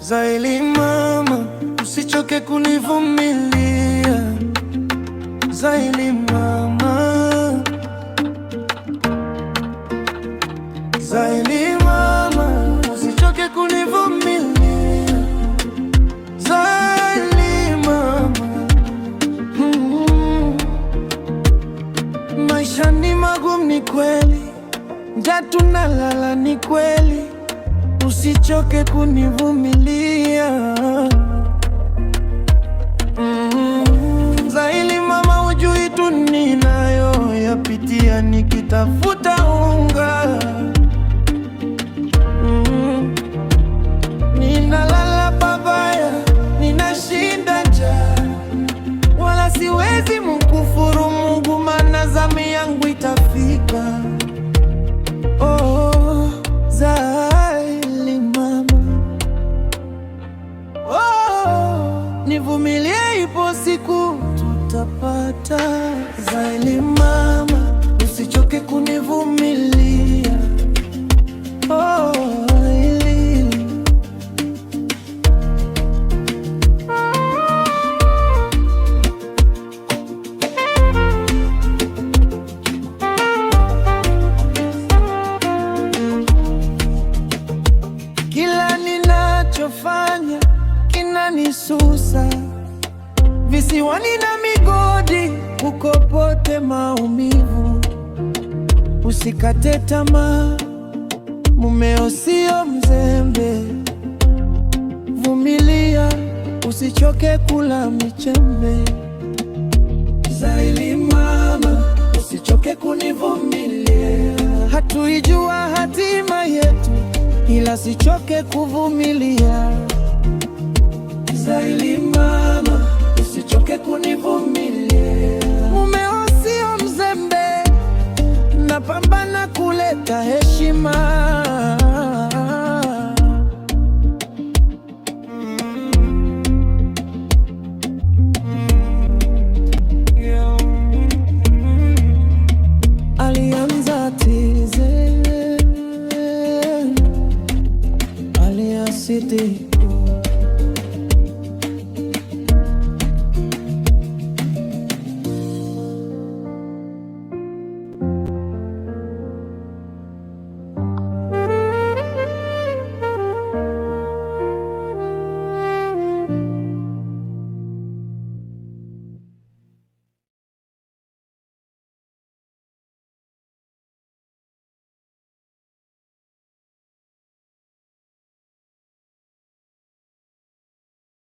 Zaili mama, usichoke kunivumilia. Zaili mama, Zaili mama, usichoke kunivumilia. Zaili mama, mm -hmm. Maisha ni magumu, ni kweli, njaa tunalala, ni kweli usichoke kunivumilia mm Zaili mama, ujui tu yapitia nikitafuta unga nivumilie, ipo siku tutapata za elimu. Musa, visiwani na migodi, huko pote maumivu. Usikate tamaa, mumeo sio mzembe, vumilia, usichoke kula michembe. Zaili mama, usichoke kunivumilia, hatuijua hatima yetu, ila sichoke kuvumilia nitailimama, usichoke kunivumilia. Mumeo sio mzembe, napambana kuleta heshima